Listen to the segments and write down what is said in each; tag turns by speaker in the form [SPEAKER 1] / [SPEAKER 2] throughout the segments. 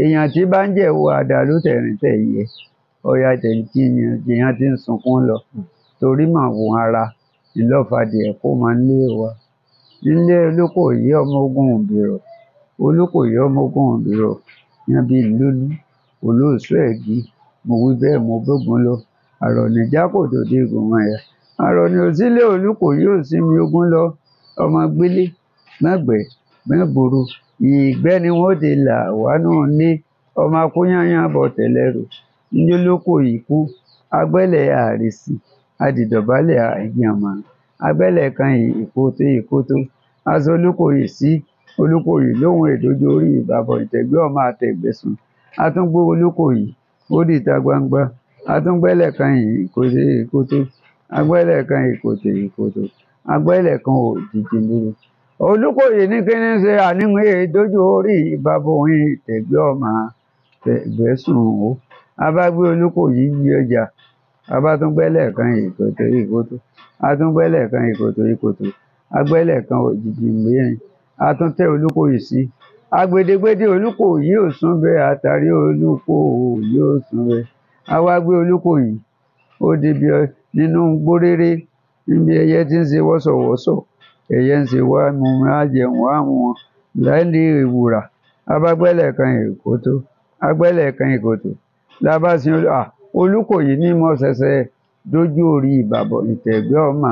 [SPEAKER 1] èèyàn tí bá ń jẹ̀wọ́ àdàlú tẹ̀rín tẹ̀yẹ ọ̀yà tẹ̀yìn èèyàn ti ń sunkún lọ torí màwò ara ìlọ́fàdì ẹ̀ kó máa ń lé wa nílé olókòyí ọmọ ogun òbírọ̀ olókòyí ọmọ ogun òbírọ̀ yan bíi lólú olóòṣù ẹ̀gí mo wí bẹ́ẹ̀ mo bógun lọ àrọ̀nìjà kò dòde ìgbìmọ̀ ẹ̀ àrọ̀nì òsílẹ̀ olùkòyí òsínmi ogun lọ ọmọ gbélé mẹ́gbẹ̀ẹ́ mẹ́bùrú ìgbẹ́ ni wọ́n dé là wá náà ní ọmọ akóyányán bọ̀ tẹ̀lẹ́rù ńjólókò ikú agbẹ́lẹ̀ àrìsì adìdọ̀bálẹ̀ àìyànmá agbẹ́lẹ̀ kan ìkótó ìkótó aṣọ olúkòyí sí olúkòyí lóhun èdòjò orí ìbàbọ̀ ìtẹ̀gbẹ́ ọmọ àtẹ̀gbẹ́sùn atúngbó olúkòyí ó dìta gbangba atúngbẹ́lẹ̀ kan ìkótó ìkótó agbẹ́lẹ̀ kan ìkòtò ìkòtò agbẹ́lẹ̀ kan òjìjì lóru Olúkòyí ní kí ní ṣe àníwìn èdójú orí ìbábòwìn tẹ̀gbẹ́ ọ̀mà tẹ̀gbẹ́sùn o abágbé Olúkòyí yí ọjà abátúngbẹ́lẹ̀ kan ìkòtò ìkòtò atúngbẹ́lẹ̀ kan ìkòtò ìkòtò agbẹ́lẹ̀ kan òjìji mẹ́rin atúntẹ Olúkòyí sí agbedegbede Olúkòyí ò sún bẹ àtàrí Olúkòyí ò sún bẹ awágbé Olúkòyí ó dibi nínú gbóréré níbi ẹyẹ tí ń ṣe wọ́sọ̀wọ́sọ̀ eyense wamụmụ ajemụ amụma ndị ìwùrà abágbẹ́lẹ̀ kan ìkòtò agbẹ́lẹ̀ kan ìkòtò labasin à olùkòyí ní mọ́ ṣẹ̀ṣẹ̀ dójú orí ìbàbọ̀ ìtẹ̀gbẹ́ ọmọ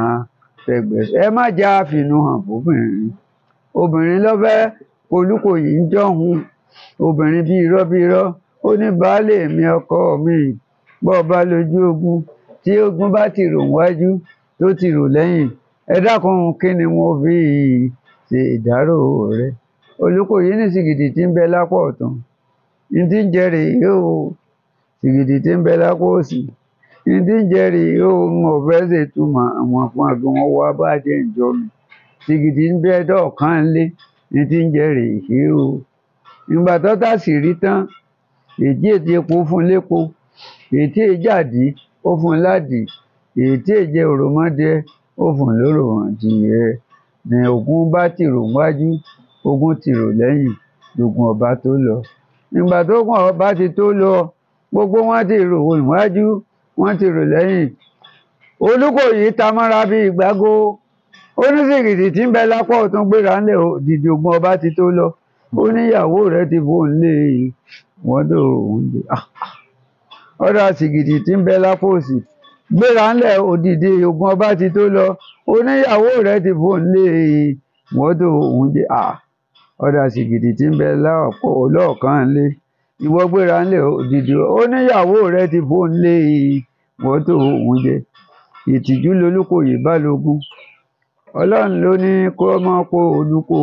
[SPEAKER 1] tẹ̀gbẹ́ ẹ má jẹ́ àfinú hàn fóbìnrin obìnrin lọ́fẹ́ olùkòyí ń jọ̀hún obìnrin bíi irọ́ bíi irọ́ ó ní baálé mi ọkọ mi bọ́ọ̀ bá lójú ogun tí ogun bá ti rò wájú tó ti rò lẹ́yìn ẹ dákun kí ni mo fi ṣe ìdárò rẹ yìí ní sìgìdì tí ń bẹ lápò ọ̀tún ní tí ń yóò sìgìdì tí ń bẹ lápò òsì ní tí ń jẹrè yóò ń àwọn fún àgbọn wá bá mi sìgìdì ń bẹ lé ní tí ń yóò ìgbà tó tà sí rí tán epo fún lépo èjàdí ó oven lóròhàn jiyè ni ogun bá tìrò níwájú ogun tìrò lẹ́yìn lógun ọba tó lọ nígbà tógun ọba ti tó lọ gbogbo wọn ti rò níwájú wọn ti rò lẹ́yìn Olúkòyí ta mọ́ra bíi ìgbágo ó ní sìgìdì tí ń bẹ lápá ọ̀tún gbéra ńlẹ̀ òdìdì ogun ọba ti tó lọ ó ní ìyàwó rẹ̀ ti fò ń lé wọ́n dò ń lé ọ̀dà tí ń bẹ lápá òsì gbéra ńlẹ̀ òdìdí ogun ọba ti tó lọ oníyàwó rẹ ti bò ń lé mọ́tò òun jẹ́ à ọ̀dà sìgìdì tí ń bẹ lé ìwọ rẹ̀ ti bò ń lé mọ́tò òun jẹ́ ìtìjú lolúkòyè balógun ọlọ́run ló ní kó mọ́ kó olúkó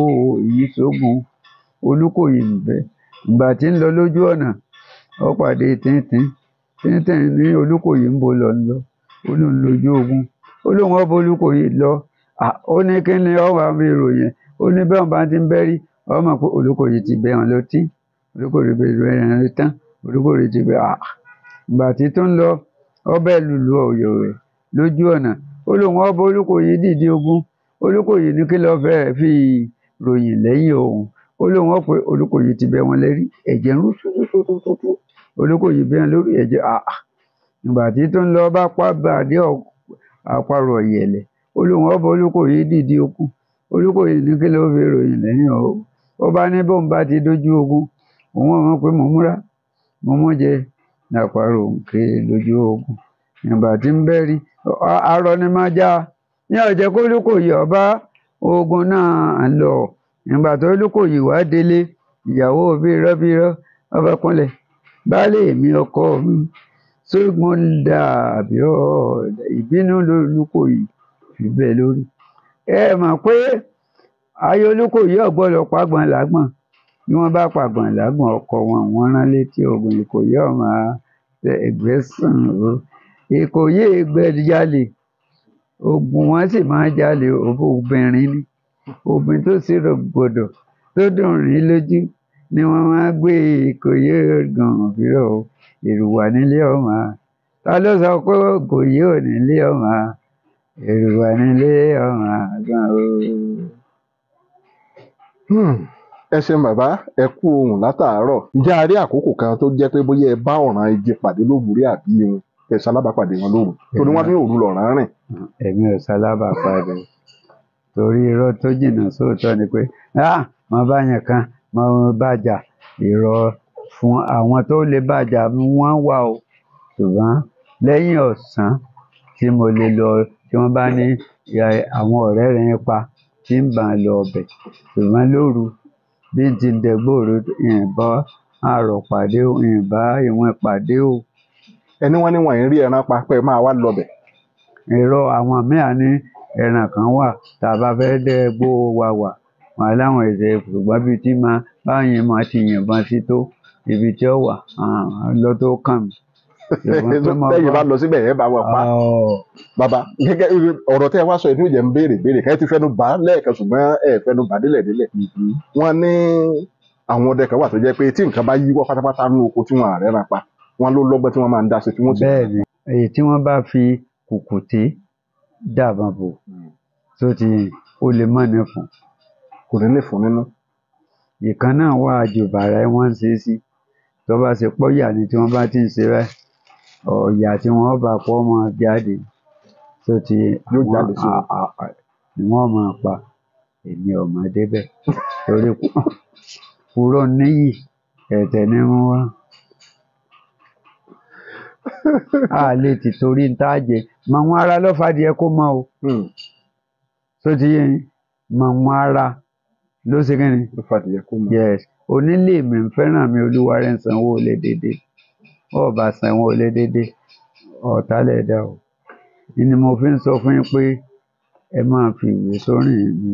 [SPEAKER 1] yìí sógun olúkòyè ńbẹ́ ìgbà tí ń lọ ó lóun lójú ogun ó lóun ọba olùkòyí lọ ó ní kí ni ọba mi ròyìn ó ní bẹ́ẹ̀ bá ti ń bẹ́rí ọmọ pé olùkòyí ti bẹ̀ hàn lọ́tí olùkòyí ti bẹ̀ hàn lọ́tí tán olùkòyí ti bẹ̀ hàn ìgbà tí tó ń lọ ọbẹ̀ lùlù ọ̀yọ̀ rẹ̀ lójú ọ̀nà ó lóun ọba olùkòyí dìde ogun olùkòyí ní kí lọ́ọ́ fẹ́ẹ́ fi ròyìn lẹ́yìn òun ó lóun ọ̀pẹ olùkòyí ti bẹ̀ wọn lẹ́rí ẹ̀jẹ̀ ń rú tútútútú olùkòyí bẹ̀ hàn lórí ẹ̀jẹ̀ àà tó ń lọ bá pàdé àparò ọ̀yẹ̀lẹ̀, ó lóun ó bá Olúkòyí dìdí okùn. Olúkòyí ní kí ló fi ròyìn lẹ́yìn ọ̀hún. Ó bá ní bóun bá ti dójú ogun, òun ò mọ̀ pé múra, lójú arọ ni máa já. Ní ọ̀jẹ̀ kó ọba ogun náà lọ. wá délé, ìyàwó ọba mi ọkọ mi ṣẹ́gun dàbí ọ̀dẹ̀ ìbínú lolúkòyí fi bẹ́ẹ̀ lórí. ẹ mọ̀ pé ayé olúkòyí ọ̀gbọ́dọ̀ pàgbọ́n lágbọ̀n bí wọ́n bá pàgbọ́n lágbọ̀n ọkọ̀ wọn wọ́n rán létí ogun ìkòyí ọmọ ẹgbẹ́sàn o ìkòyí gbẹ̀dìjalè ogun wọn sì máa ń jalè obìnrin ni obìnrin tó sì rògbòdò tó dùn rí lójú ni wọ́n máa gbé ìkòyí gàn fírọ̀ o. ìrùwà wà nílé ọmọ ta ló sọ pé nílé ọmọ ìrù wà nílé ọmọ gan o. Hmm. ẹ bàbá ẹ kú ohun látàárọ̀ ǹjẹ́ a rí àkókò kan tó jẹ́ pé bóyá ẹ bá ọ̀ràn igi pàdé lóògùn àbí ẹ ṣalábàpàdé wọn tó ní wọn ní òru rìn. ò ṣalábàpàdé torí irọ́ tó jìnnà sóòótọ́ ni pé bá yẹn kan fún àwọn tó lè bàjà wọ́n wà o ṣùgbọ́n lẹ́yìn ọ̀sán tí mo lè lọ tí wọ́n bá ní àwọn ọ̀rẹ́ rẹ̀ yẹn pa tí ń bá lọ ọbẹ̀ ṣùgbọ́n lóru bí n ti dẹ̀gbòrò ìyìnbọn àrọ̀ pàdé o ìyìnbá ìwọ̀n pàdé o. ẹni wọn ní wọn ì rí ẹran pa pé máa wá lọbẹ̀. irọ́ àwọn míà ní ẹran kan wà tá a bá fẹ́ dẹ́gbò wa wà wọn láwọn ẹ̀sẹ̀ ṣùgbọ́n bíi tí máa báyìí máa ti yìnbọn sí tó ibi tí ó wà lọ tó kàn mí. lẹ́yìn bá lọ síbẹ̀ yẹn bá wọ̀ pa ah, bàbá gẹ́gẹ́ ọ̀rọ̀ tẹ́ ẹ wá sọ inú ìjẹ́ ń béèrè béèrè ká ẹ ti fẹnu bà á lẹ́ẹ̀kan ṣùgbọ́n ẹ fẹnu bà á délẹ̀ délẹ̀ mm-hmm. wọ́n ní àwọn ọdẹ kan wà tó jẹ́ pé tí nǹkan bá yíwọ́ pátápátá nínú oko tí wọ́n àrẹ́ràn pa wọ́n ló lọ́gbọ́n tí wọ́n máa ń dá tí wọ́n ti. bẹ́ẹ̀ni èyí tí wọ́n bá fi kùkùté dàbọn bò hmm. tó ti o lè mọ ní fún. kò ní ní fún nínú. ìkan náà wà àjò bàrà ẹ wọ́n ṣe é sí tó bá ṣe pọ́yà ni tí wọ́n bá ti ń ṣe rẹ́ ọ̀yà tí wọ́n bá pọ́ mọ́ jáde tó ti ni wọ́n máa pa èmi ọ̀mọ́ débẹ̀ torí purọ́ níyì ẹ̀tẹ̀ ní mú wá a lè ti torí ń tá a jẹ mọ wọn ara lọ́fàdì ẹ kó mọ o tó hmm. ti yé mọ wọn ara ló ṣe kí ni lọ́fàdì ẹ kó mọ yes onílé mi ń fẹ́ràn mi olúwarẹ̀ ń sanwó olè dédé ọba sanwó olè dédé ọ̀tálẹ̀dá o ni mo fi ń sọ fún yín pé ẹ máa fi ìwé sórin mi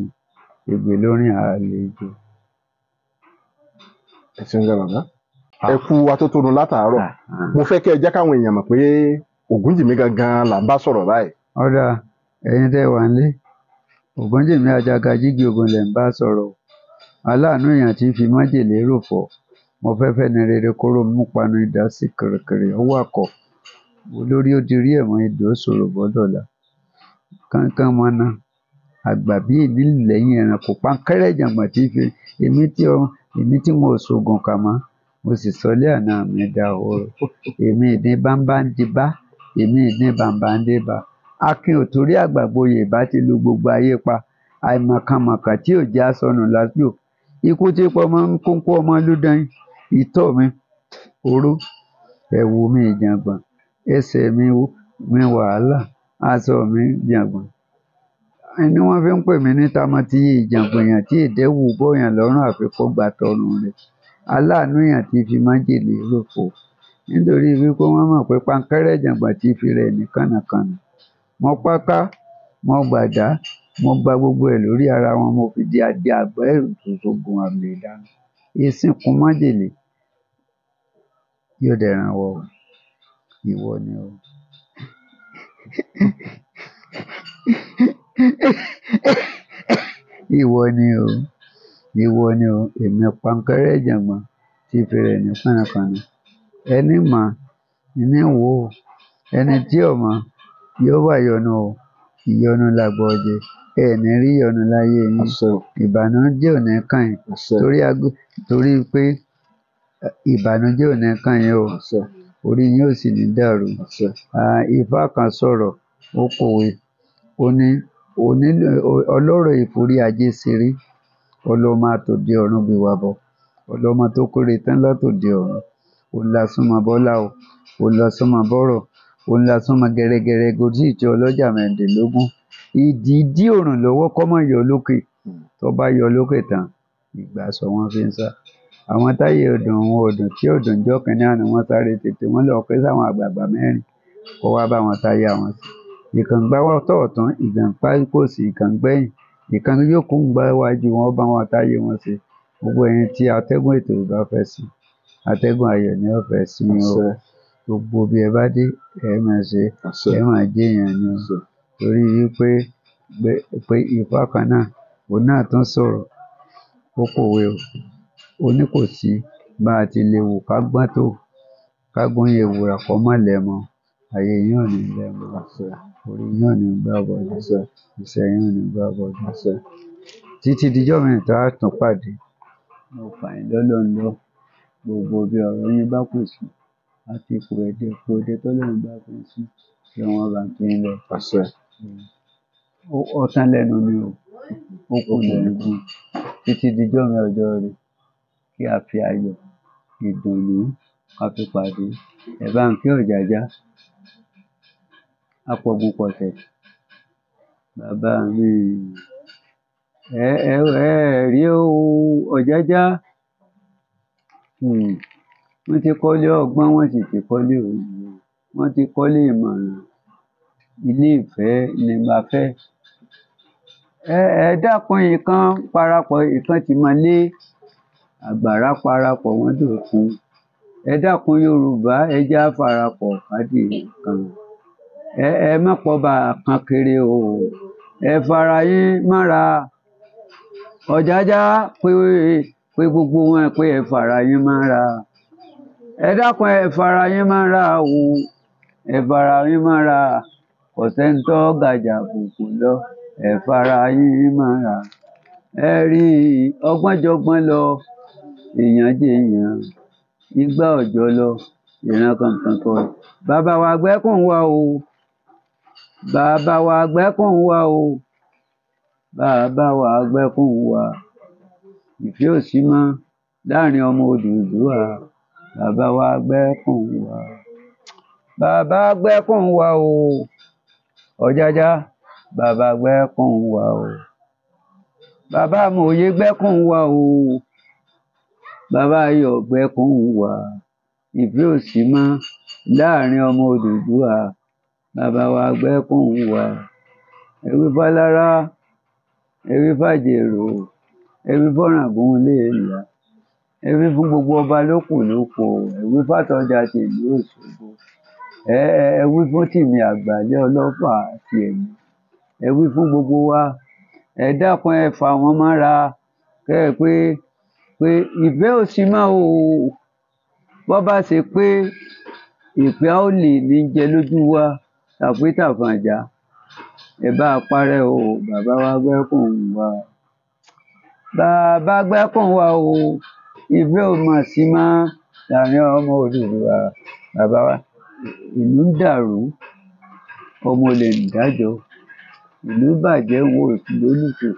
[SPEAKER 1] ìgbè lórin àlejò. ẹ ṣeun gan bàbá ah. ẹ kú atótónu látàárọ̀ ah, ah. mo fẹ́ kí ẹ jẹ́ káwọn èèyàn mọ̀ pé Ògúnjìmí gangan là ń bá sọ̀rọ̀ báyìí. ọ̀dà ẹ̀yin tẹ́ wà ń lé Ògúnjìmí Àjàgà ogun lè lẹ̀ ń bá sọ̀rọ̀ o. aláàánú èèyàn tí í fi májèlé ròfọ mo fẹ fẹni rere kóró mú panu idà sí kẹrẹkẹrẹ ọwọ àkọ olórí ó dirí ẹwọn ìdò sòrò bọdọlà kánkán mọnà àgbà bí èmi lẹ́yìn ẹranko pankẹrẹ jàǹgbà tí fi èmi tí ọ èmi tí mo sògùn kà mọ mo sì sọlé àná mi dá òru èmi ìní bámbá ń di bá èmi ìní bàmbá ń dé bá akin ò torí àgbàgboyè ìbá ti lu gbogbo ayé pa àìmọ̀kànmọ̀kà tí ò jẹ́ asọnù lájò ikú tí pọ̀ mọ́ ń kókó ọmọ ló dán ìtọ̀ mi oró ẹ̀wù mi ìjàngbọ̀n ẹsẹ̀ mi mi wàhálà aṣọ mi jàngbọ̀n ni wọ́n fi ń pè mí ní tamọ́ tí ìjàngbọ̀n yàn tí ìdẹ́wù bọ́yàn lọ́rùn àfikún gba tọrùn rẹ̀ aláàánú yàn ti fi májèlé rògbò nítorí wípé wọ́n mọ̀ pé pankẹ́rẹ́ ìjàngbọ̀n ti fi rẹ̀ ní kànnàkànnà mo páká gbàdá Wọ́n gba gbogbo ẹ̀ lórí ara wọn, mo fi di adé àgbá ẹ̀rù tuntun gun àmì ìdánù. Eéṣín kun májèlé, yóò dẹ̀ ràn o. Ìwọ ni o. Ìwọ ni o. Ìwọ ni o. Èmi pankẹ́rẹ́ ìjàngbọ̀n tí fi rẹ̀ ní kànnàkànnà. Ẹní mọ̀ ní ń wò ó. Ẹni tí ò mọ̀, yóò wà ìyọnu o. Ìyọnu làgbà ọ̀jẹ̀ ẹ ní rí ìyọnu láyé yín ìbànújẹ́ ò ní kàn yín torí ago torí pé ìbànújẹ́ ò ní kàn yín o orí yín ò sì ní dàrú ifá kan sọ̀rọ̀ ó pòwe ó ní onílò ọlọ́rọ̀ ìforí ajé ṣeré ọlọ́mọ àtòdì ọ̀run bí wà bọ̀ ọlọ́mọ tó kórè tán látòdì ọ̀run òun la súnmọ́ bọ́lá o òun la súnmọ́ bọ́rọ̀ òun la súnmọ́ gẹ́rẹ́gẹ́rẹ́ gòtí ìjọ ọlọ́jà mẹ́ẹ̀ẹ́dẹ́gbẹ̀lógún ìdìdí òrùn lọ́wọ́ kọ́mọ yọ lókè hmm. tó bá yọ lókè tán ìgbà sọ wọ́n fi ń sá àwọn táyé ọdún òun ọdún tí ọdún jọ kan ní àná wọ́n sáré tètè wọ́n lọ pé sáwọn àgbààgbà mẹ́rin kó wá bá wọn táyé àwọn sí ìkàngbá wọn tọ̀ọ̀tún ìgbàǹpá kò sí ìkàngbẹ́yìn ìkan yòókù ń gbá iwájú wọn bá wọn táyé wọn ṣe gbogbo ẹyin tí atẹ́gùn ètò ìbá fẹ́ sí atẹ́gùn ayọ̀ ni ó fẹ́ sí o gbogbo bí ẹ bá dé ẹ máa ṣe ẹ máa jẹ́yàn ni o torí wípé pé Ifá kan náà òun náà tún sọ̀rọ̀ ó pòwe o ó ní kò sí bá a ti lè wù ká gbọ́n tó ká gún ewùrà kó má lẹmọ ayé yín ò ní lẹmọ ọ̀sẹ̀ orí yín ò ní gbá bọ̀dọ̀ sẹ́ iṣẹ́ yín ò ní gbá bọ̀dọ̀ sẹ́ títí dijọ́ míì tá a tún pàdé mo fà yín lọ́lọ́nlọ́ gbogbo ibi ọ̀rọ̀ yín bá kù sí àfikù èdèpòdè tọ́lọ́run bá fi sí kí wọ́n bá yín lẹ̀ fàṣẹ ọ̀tán lẹ́nu ni o ó kù lẹ́nu títí dijọ́ mi ọjọ́ rẹ kí a fi ayọ̀ ìdùnnú ká fi pàdé ẹ bá ń kí ọ̀jájá apọ̀gùnpọ̀ṣẹ̀ bàbá mi ẹ ẹ ẹ rí o ọ̀jájá hmm. wọ́n ti kọ́lé ọgbọ́n wọ́n sì ti kọ́lé òye wọ́n ti kọ́lé ìmọ̀ràn ilé ìfẹ́ ìgbafẹ́ ẹ ẹ dákun ìkan parapọ̀ ìkan tìmọ́lé àgbàrá parapọ̀ wọ́n dòkun ẹ dákun yorùbá ẹ já farapọ̀ kádì kan ẹ ẹ mọ́pọ̀ba kan kéré o ẹ fara yín mọ́ra ọ̀jájá pé pé gbogbo wọn pé ẹ fara yín mọ́ra ẹ dákun ẹ fara yín mọ́ra o ẹ fara yín mọ́ra kò sẹ́ni tó gàjà bùkù lọ ẹ fara yín mọ́ra ẹ rí ọgbọ́njọgbọ́n lọ èèyàn jèèyàn igbá ọ̀jọ́ lọ ìran kankan kọ bàbá wa àgbẹ̀kùn wa o bàbá wa àgbẹ̀kùn wa o bàbá wa àgbẹ̀kùn wa ìfẹ́ ò mọ́ láàrin ọmọ Odùduwà bàbá wa àgbẹ̀kùn wa bàbá àgbẹ̀kùn wa o ọ̀jájá bàbá gbẹ́kùn wa o bàbá amòye gbẹ́kùn wa o bàbá ayọ̀ gbẹ́kùn wa ìfẹ́ òsì mọ́ láàrin ọmọ Odùduwà bàbá wa gbẹ́kùn wa ewé fálára ewé fàjèrò ewé fọ́ràngún ilé ìlà ewé fún gbogbo ọba lókù lóko ewé fàtọjà tìlú Òṣogbo ẹ ẹ wí fún tìmí àgbàlẹ ọlọ́fà àti ẹ̀mí ẹ wí fún gbogbo wa ẹ dákun ẹ fà wọ́n mọ́ra kẹ ẹ pé pé ìfẹ́ ò sí mọ́ o bọ́ bá ṣe pé ìpẹ́ ò lè ní jẹ lójú wa tàbí tàfàǹjà ẹ bá a parẹ́ o bàbá wa gbẹ́kùn wa bàbá gbẹ́kùn wa o ìfẹ́ ò mà sí mọ́ láàrin ọmọ Odùduwà bàbá wa ìlú ń dàrú ọmọ olè nìdájọ ìlú bàjẹ́ wọn ò sì lólùtù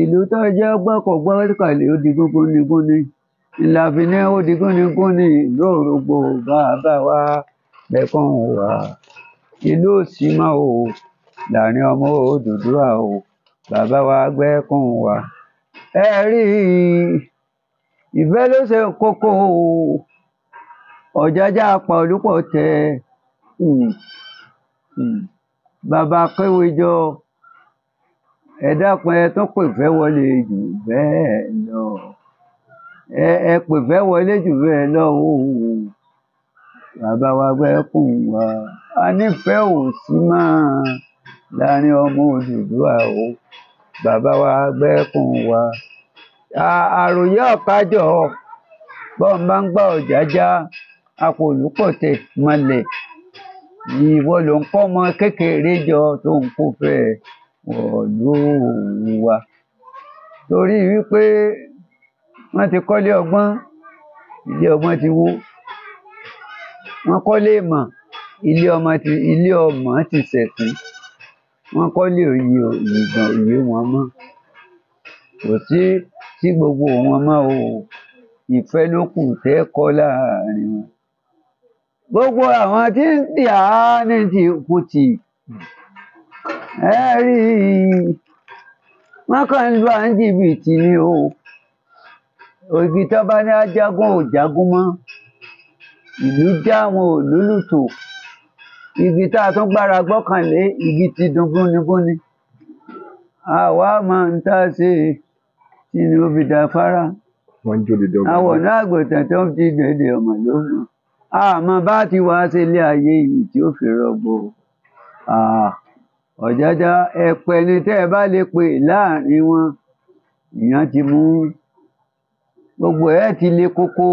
[SPEAKER 1] ìlú tó jẹ́ gbọ́kàngbọ́kànlé ó di gúngúnigúni ńlá fi ní ó di gúnigúni ìlú òrògbò bàbá wa bẹ̀kàn wá ìlú òsì máa ò láàrin ọmọ Odùduwà o bàbá wa gbẹ́kàn wá ẹ rí i ìfẹ́ ló ṣe kókó o ọ̀jájá apàòlùpọ̀ tẹ um um bàbá akéwéjọ ẹ dákun ẹ tún pè fẹ́ wọlé jù bẹ́ẹ̀ lọ ẹ ẹ pè fẹ́ wọlé jù bẹ́ẹ̀ lọ o bàbá wa gbẹ́kùn wa a nífẹ̀ẹ́ ò sí máa láàrin ọmọ Odùduwà o bàbá wa gbẹ́kùn wa àròyé ọ̀kájọ bọ́ọ̀ bá ń gbà ọ̀jájá apòlùpọ̀tẹ̀ mọlẹ̀ ìwọ ló ń kọ́ ọmọ kékeré jọ tó ń kó fẹ́ wọ̀lú wa torí wípé wọ́n ti kọ́lé ọgbọ́n ilé ọgbọ́n ti wó wọ́n kọ́lé ìmọ̀ ilé ọmọ ti ilé ọmọ ti ṣẹ̀sìn wọ́n kọ́lé òye ìgbọ̀n òye wọn mọ́ kò sí sí gbogbo wọn mọ́ o ìfẹ́ ló kù tẹ́ kọ́ láàrin wọn gbogbo àwọn tí ń tì á ní ti kù tì hmm. ẹ rí i wọn ń jìbìtì ni o ògì tó ní ajagun ò jagun mọ́ ìlú já wọn ò lólùtò igi tá a tún gbára gbọ́kànlé igi ti dùn gúnigúni àwa máa ń tá a ṣe tinú obìdàfárá àwọn náà àgùntàn tó ń ti dèdè ọmọ lónìí àmọ́ bá ti wá sí ilé ayé yìí tí ó fi rọgbọ ọ̀jájá ẹ̀pẹ̀ ni tẹ́ ẹ bá lè pè láàrin wọn ìyàn ti mú gbogbo ẹ̀ ti le kókó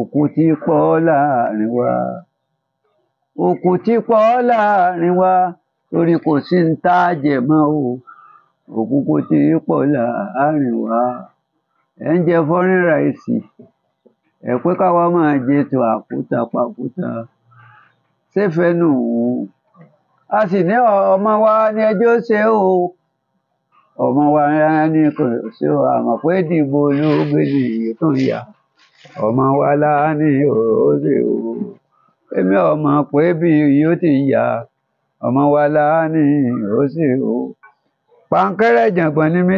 [SPEAKER 1] òkú ti pọ̀ láàrin wa òkú ti pọ̀ láàrin wa torí kò sí ń tá a jẹ mọ́ o òkú kò ti pọ̀ láàrin wa ẹ̀ ń jẹ fọ́rín ráìsì. ẹ pé káwa máa jẹ tó àkúta pàkúta ṣèfẹ́ nù a sì ní ọmọ wa ní ẹjọ́ ṣe o ọmọ wa ní kò ṣe o àmọ́ pé gbé ní tó ń ọmọ wa lá ní ṣe o èmi ọmọ pé bí yóò ti yà ọmọ wa lá ní ṣe o pàǹkẹ́rẹ́ jàngbọ̀n mi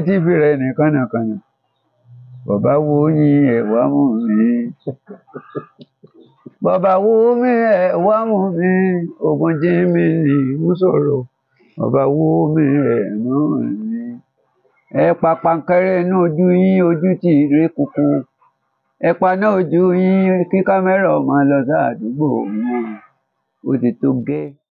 [SPEAKER 1] Bàbá wo yín ẹ̀ wá mú mi. Bàbá wo mi ẹ̀ wá mú mi. Ogun jí mi ní Mùsòrò. Bàbá wo mi ẹ̀ mú mi. Ẹ pa pankẹ́rẹ́ inú ojú yín ojú ti rí kúkú. Ẹ náà ojú yín kí kámẹ́rà ọmọ lọ sáàdúgbò wọn. Ó ti tó gẹ́.